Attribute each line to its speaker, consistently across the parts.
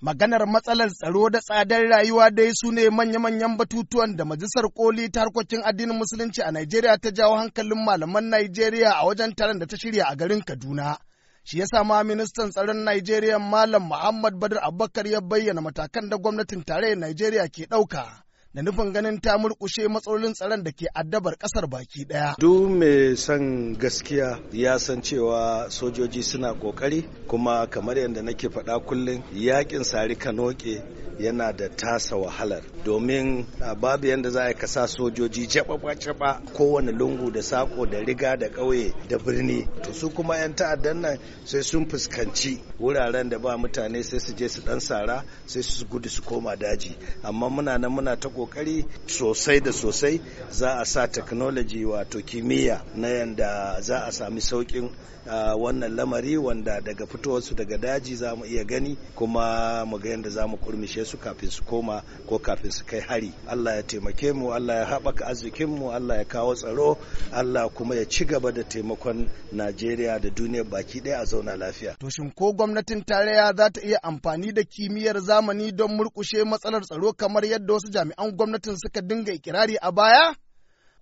Speaker 1: Maganar matsalar tsaro da tsadar rayuwa dai su ne manya-manyan batutuwan da majalisar koli ta harkokin addinin musulunci a Najeriya ta jawo hankalin malaman Najeriya a wajen taron da ta shirya a garin Kaduna. Shi yasa ma ministan tsaron Najeriya Malam Muhammad Badar Abubakar ya bayyana matakan da gwamnatin tarayyar Najeriya ke ɗauka. da nufin ganin ta murkushe matsalolin tsaron da ke addabar kasar baki daya.
Speaker 2: Duk mai son gaskiya ya san cewa sojoji suna kokari kuma kamar yadda nake faɗa kullum yakin sari kanoke yana da tasa wahalar domin babu yadda za a kasa sojoji jaba-jaba kowane lungu da sako da riga da ƙauye da birni to su kuma 'yan ta'addan nan sai sun fuskanci wuraren da ba mutane sai su je su ɗan sara sai su gudu su koma daji amma muna nan muna ta kokari sosai da sosai za a sa technology wato kimiyya na yanda za a sami saukin wannan lamari wanda daga fitowarsu daga daji za mu iya gani kuma mu ga yadda za mu kurmishe su kafin su koma ko kafin su kai hari Allah ya taimake mu Allah ya haɓaka arzikin mu Allah ya kawo tsaro Allah kuma ya ci gaba da taimakon Najeriya da duniya baki ɗaya a zauna lafiya
Speaker 1: to shin ko gwamnatin tarayya za ta iya amfani da kimiyyar zamani don murkushe matsalar tsaro kamar yadda wasu jami'an gwamnatin suka dinga ikirari a baya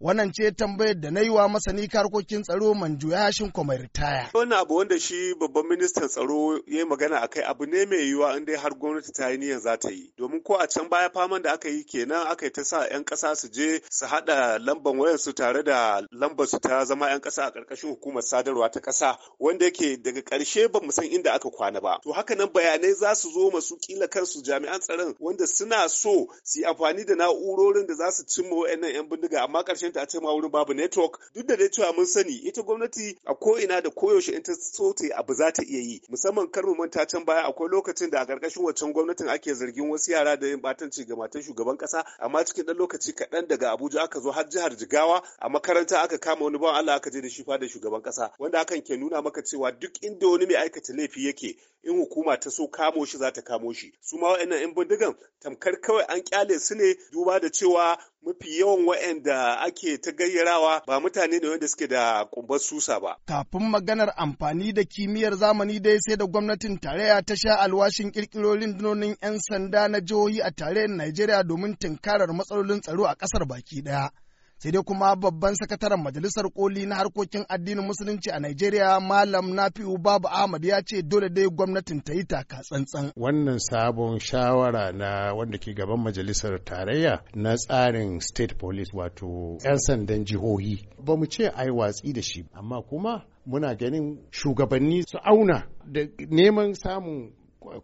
Speaker 1: Wannan ce tambayar da na yi wa masani karkokin tsaro Manju Yashin kuma ritaya.
Speaker 3: Wannan abu wanda shi babban ministan tsaro ya yi magana a kai abu ne mai yiwuwa in dai har gwamnati ta yi niyyar za ta yi. Domin ko a can baya faman da aka yi kenan aka yi ta sa 'yan ƙasa su je su haɗa lambar wayar su tare da lambar su ta zama 'yan ƙasa a ƙarƙashin hukumar sadarwa ta ƙasa wanda yake daga ƙarshe ba mu san inda aka kwana ba. To haka nan bayanai za su zo masu kila kansu jami'an tsaron wanda suna so su yi amfani da na'urorin da za su cimma wa'annan 'yan bindiga amma ƙarshen gwamnati a ce ma wurin babu network duk da dai cewa mun sani ita gwamnati a ko ina da koyaushe in ta so ta yi abu za ta iya yi musamman kar mu manta can baya akwai lokacin da a ƙarƙashin wancan gwamnatin ake zargin wasu yara da yin batanci ga matan shugaban kasa amma cikin dan lokaci kaɗan daga Abuja aka zo har jihar Jigawa a makaranta aka kama wani bawan Allah aka je da shi da shugaban kasa wanda hakan ke nuna maka cewa duk inda wani mai aikata laifi yake in hukuma ta so kamo shi za ta kamo shi su ma wa'annan 'yan bindigan tamkar kawai an kyale su ne duba da cewa mafi yawan waɗanda ake ta gayyarawa ba mutane ne wanda suke da kumbar susa ba.
Speaker 1: Kafin maganar amfani da kimiyyar zamani dai sai da gwamnatin tarayya ta sha alwashin kirkiro rundunonin 'yan sanda na jihohi a tarayyar Najeriya domin tunkarar matsalolin tsaro a ƙasar baki ɗaya. sai dai kuma babban sakataren majalisar koli na harkokin addinin musulunci a Najeriya Malam Nafi'u Babu Ahmad ya ce dole dai gwamnatin ta yi taka
Speaker 4: tsantsan. Wannan sabon shawara na wanda ke gaban majalisar tarayya na tsarin state police wato 'yan sandan jihohi ba mu ce ai watsi da shi amma kuma muna ganin shugabanni su auna da neman samun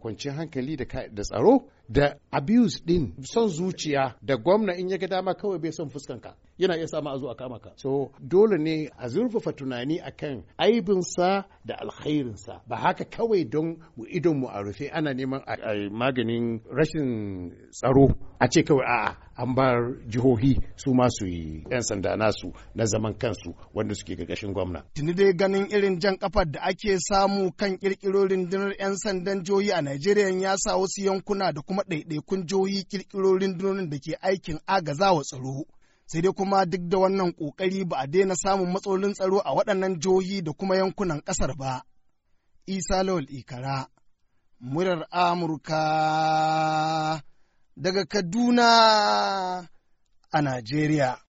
Speaker 4: kwanciyar hankali da tsaro da abuse din son zuciya da gwamna in ya ga dama kawai bai son fuskanka yana iya sama a zo a kama ka so dole ne a zurfafa tunani akan aibinsa da alkhairinsa ba haka kawai don mu idon mu a rufe ana neman maganin rashin tsaro a ce kawai a'a an ba jihohi su ma su yi 'yan sanda nasu na zaman kansu wanda suke gagashin gwamna.
Speaker 1: Tuni dai ganin irin jan kafar da ake samu kan kirkirorin rundunar 'yan sandan jihohi a Najeriya ya sa wasu yankuna da kuma ɗaiɗaikun jihohi kirkirorin rundunonin da ke aikin agazawa tsaro. sai dai kuma duk da wannan ƙoƙari ba a daina samun matsalolin tsaro a waɗannan jihohi da kuma yankunan ƙasar ba. Isa Lawal Ikara, murar Amurka daga Kaduna a Najeriya.